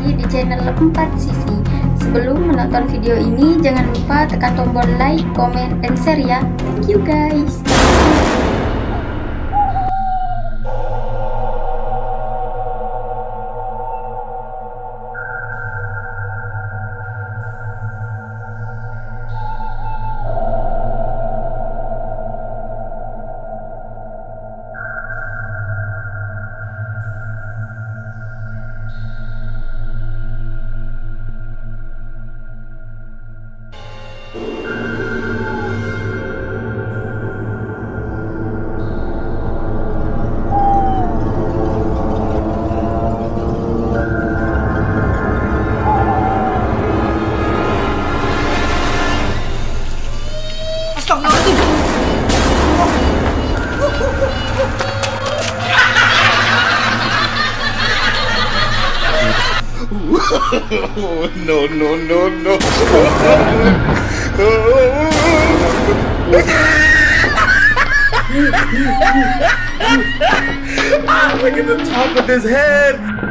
lagi di channel 4 Sisi. Sebelum menonton video ini, jangan lupa tekan tombol like, comment, dan share ya. Thank you guys. no, no, no, no. Ah, look at the top of his head!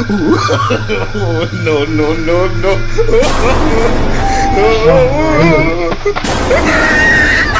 oh, no, no, no, no. oh, oh, oh.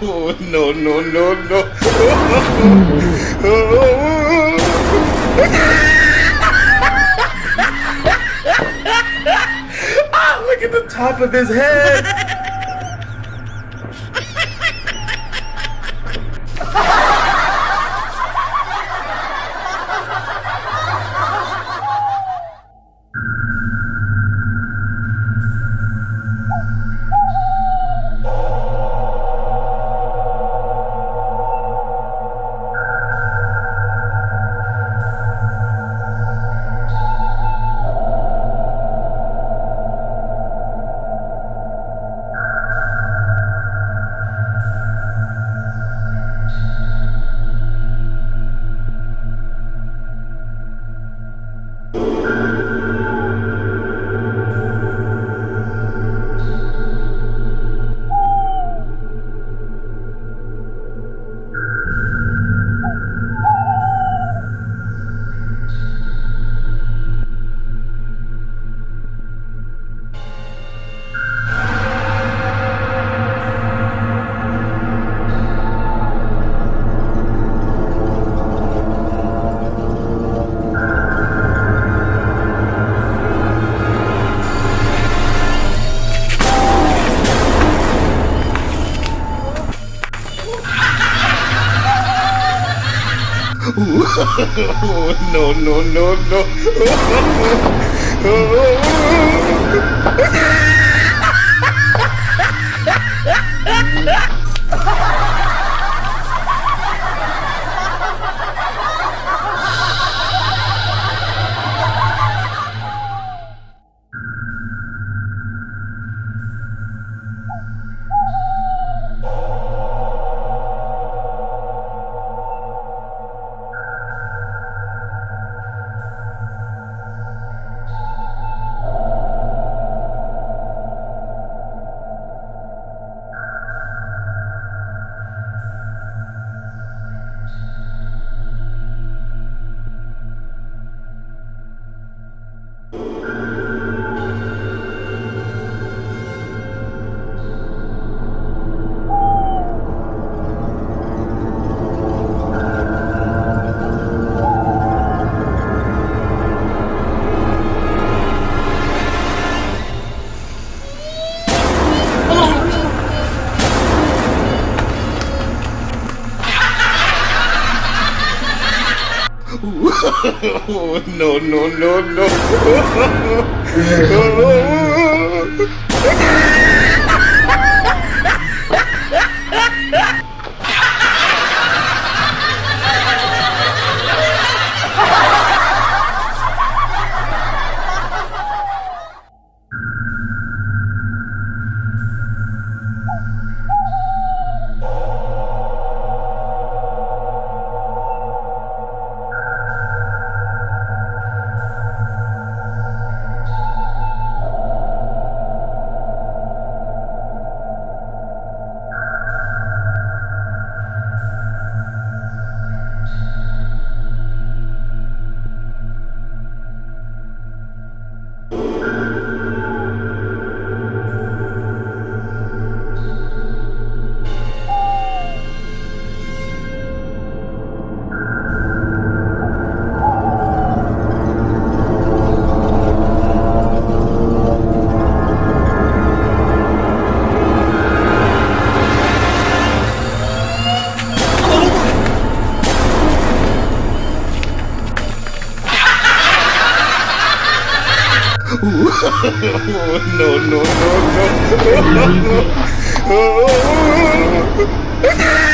no, no, no, no, no. ah, look at the top of his head. oh, no, no, no, no. Oh, no, no, no, no. no, no. no, no, no, no. no.